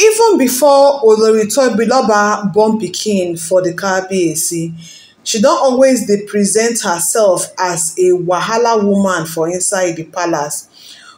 Even before Olori Tomiloba born pikin for the Kabiyesi, she don't always dey present herself as a wahala woman for inside the palace.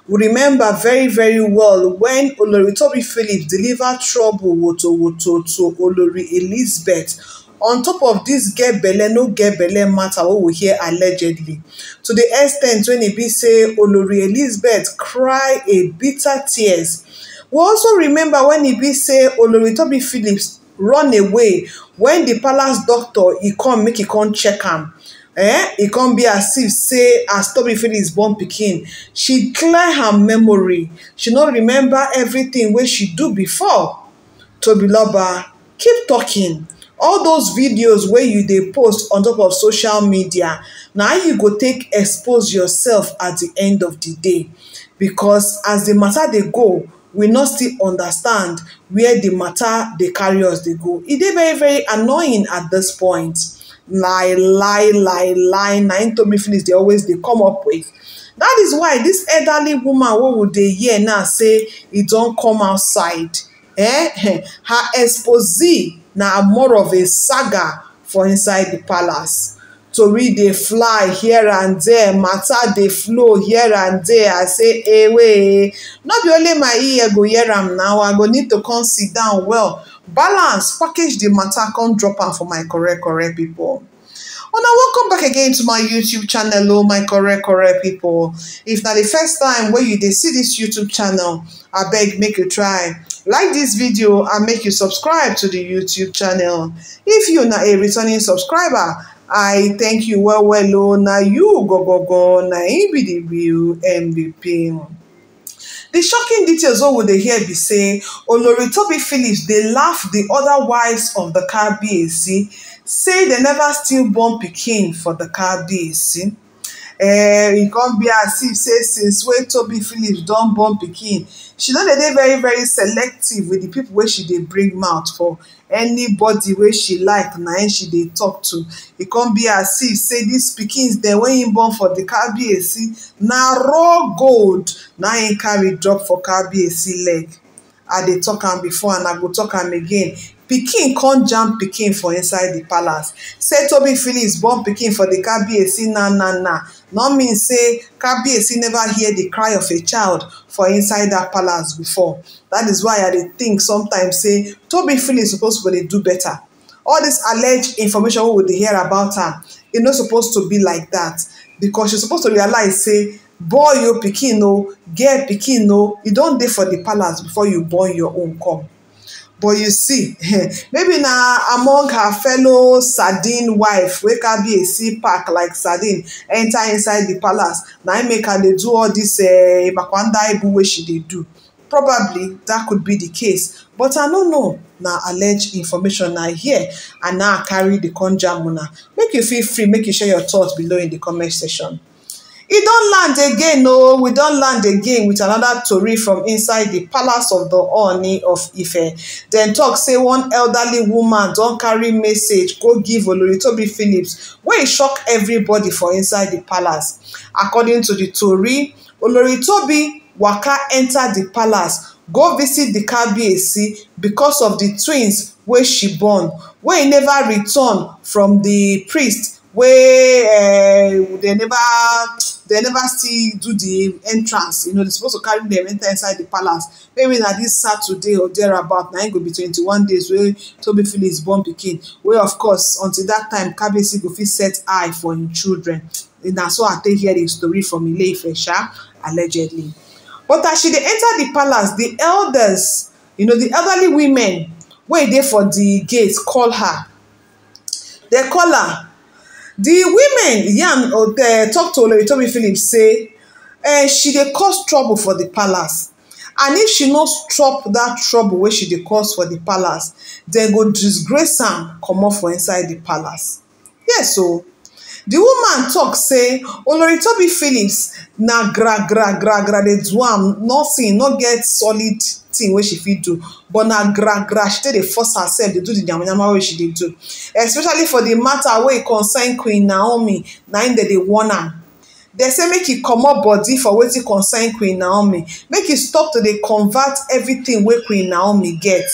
We remember very very well when Olori Tomi Philip delivered trouble woto woto to Olori Elizabeth on top of this, get belle no get belle matter what we hear allegedly to the ex ten t when e be say olori elizabeth cry a bitter tears we also remember when e be say oloritobi phillips run away When the palace doctor he come make he come check him, eh He come be as if say as tobi phillips born pikin she clear her memory she not remember everything where she do before tobiloba keep talking all those videos where you they post on top of social media Now you go take expose yourself at the end of the day because as the matter they go we no still understand where the matter dey carry us dey go e dey very very annoying at this point lie lie lie lie na im tomy phillips dey always dey come up with That is why this elderly woman wey we dey hear now say e don come outside eh her expose na more of a saga for inside the palace tori dey fly here and there matter dey flow here and there i say away eh, no be only my ear go hear am now i go need to come sit down well balance package the matter come drop am for my correct correct pipo una welcome back again to my youtube channel oh my correct correct people. if na the first time wey you dey see this youtube channel abeg make you try like this video and make you subscribe to the youtube channel if you na a returning subscriber i thank you well well o na you go go go na im be di real mvp The shocking details wey would they hear be say olori toby phillips they laugh the other wives of the car bac say they never still born picking for the car bac e come be as if say since wey toby phillips don born pikin she no dey dey very very selective with the people wey she dey bring mouth for anybody wey she like na im she dey talk to e come be as if say dis pikins dem wey im born for di kbac na raw gold na im carry drop for kbac leg i dey talk am before and i go talk am again pikin come jam pikin for inside the palace say toby phillips born pikin for the kabiyesi na na na no mean say kabiyesi never hear the cry of a child for inside that palace before That is why i think sometimes say toby phillips supposed to do better all this alleged information we would hear about her e not supposed to be like that because she's supposed to realize say boy your oh, pikin o oh, girl You oh, don't date for the palace before you born your own come but you see maybe na among her fellow sardine wife wey sea pack like sardine enter inside the palace na im make her dey do all dis eh, makwanda ibu wey she dey do probably that could be the case but i no know na alleged information na here and na carry the conjure muna make you feel free make you share your thoughts below in the comment section e don land again o oh. we don land again with another tori from inside the palace of the Oni of ife dem talk, say one elderly woman don carry message go give oloritobi phillips wey shock everybody for inside the palace according to the tori oloritobi waka enter the palace go visit the kabiyesi because of the twins wey she born wey never return from the priest wey uh, eh, they never they never still do the entrance you know they suppose to carry them enter inside the palace maybe na this saturday or thereabout na im go be twenty-one days wey Toby phillips born pikin wey of course until that time kabiyesi go fit set eye for im children na so i take hear the story from ileife sha allegedly but as she dey enter the palace the elders you know the elderly women wey dey for the gate call her They call her The women yarn oh, eh, tok to oloritomi phillips say eh, she dey cause trouble for the palace and if she no stop that trouble wey she dey cause for the palace dem go disgrace am comot for inside the palace yes so. Oh. The woman talk say oloritobi phillips na gra gra gra gra dey do am nothing no get solid thing wey she fit do but na gra gra she take dey force herself dey do di yamayama wey she dey do especially for the matter wey concern queen naomi na im dem dey warn am dem say make e comot body for wetin concern queen naomi make e stop to dey convert everything wey queen naomi get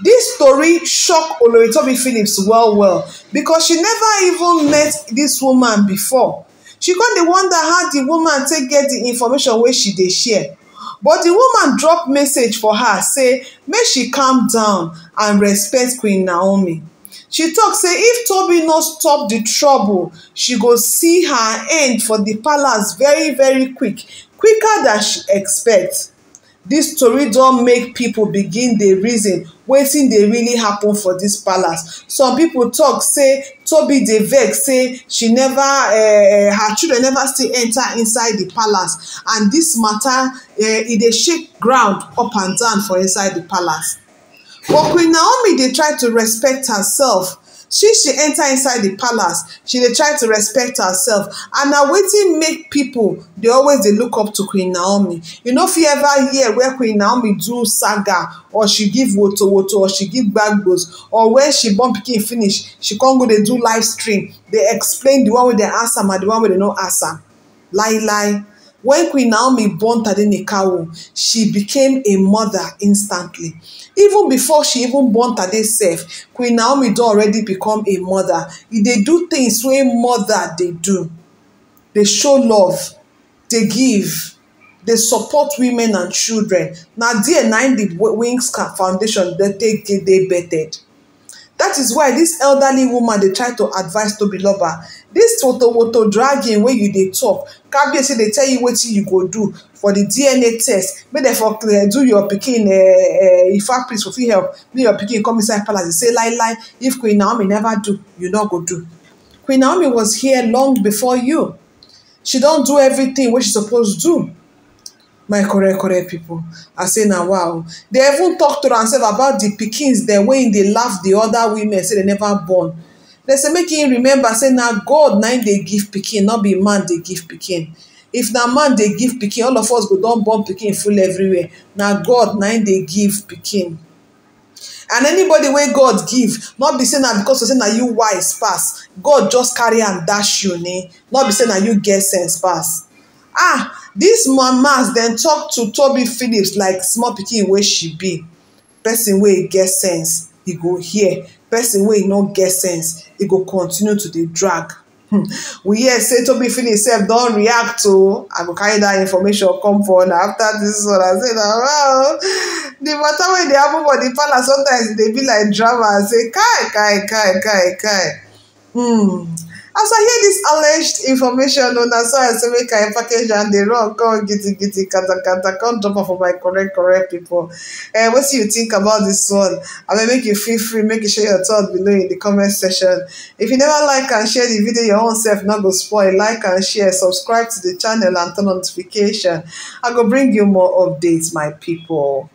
This story shocked Oloritobi Phillips well, well, because she never even met this woman before. She come dey wonder how the woman take get the information where she dey share. But the woman drop message for her say "May she calm down and respect Queen Naomi. She talk say if Toby not stop the trouble, she go see her end for the palace very very quick, quicker than she expect. This story don't make people begin the reason wetin dey really happen for dis palace some pipo tok say Toby dey vex say she never eh, eh, her children never still enter inside di palace and dis mata eh, e dey shake ground up and down for inside di palace but queen naomi dey try to respect herself since she enter inside the palace she dey try to respect herself and na wetin make people, dey always dey look up to queen naomi you no fit ever hear where queen naomi do saga or she give woto woto or she give gbagbos or when she born pikin finish she come go dey do live stream dey explain the one wey dem answer and the one wey dem no answer lie lie When Queen Naomi born Tadenikawo, she became a mother instantly. Even before she even born Tade self Queen Naomi don already become a mother. They e do things wey mother they do. They show love, They give, They support women and children. Now, dear na the Wings Foundation they take they birthed. That is why this elderly woman they try to advise Tobiloba dis wotowoto dragging wey you dey tok kabiyesi dey tell you wetin you go do for the dna test make dem for do your pikin eh, eh, ifa priest for fit help make your pikin come inside palace dey say lie lie if queen naomi never do you no go do queen naomi was here long before you she don do everything wey she suppose do my correct correct people. i say na wow dem even talk to am about di pikins dem wey im dey laugh di oda women say dem never born dem say make him remember say na god na him dey give pikin not be man dey give pikin if na man dey give pikin all of us go don born pikin full everywhere na god na him dey give pikin and anybody wey god give not be say na because of say na you wise pass god just carry am dash you ne not be say na you get sense pass ah this mamas dem talk to toby phillips like small pikin wey she be person wey get sense e go hear person wey e no get sense e go continue to dey drag hmm. we hear say tobi phillips sef don react o i go carry dat information come for una afta dis one i say na wow di matter wey dey happen for di palace sometimes e dey be like drama i say kai kai kai kai kai hmm as i hear this alleged information una so i say make i package and dey run come gidigidi katakata come drop am for my correct correct pipo eh do you think about this one I abeg make you feel free make you share your thoughts below in the comment section if you never like and share the video your own self not go spoil like and share subscribe to the channel and turn on notification i go bring you more updates my people.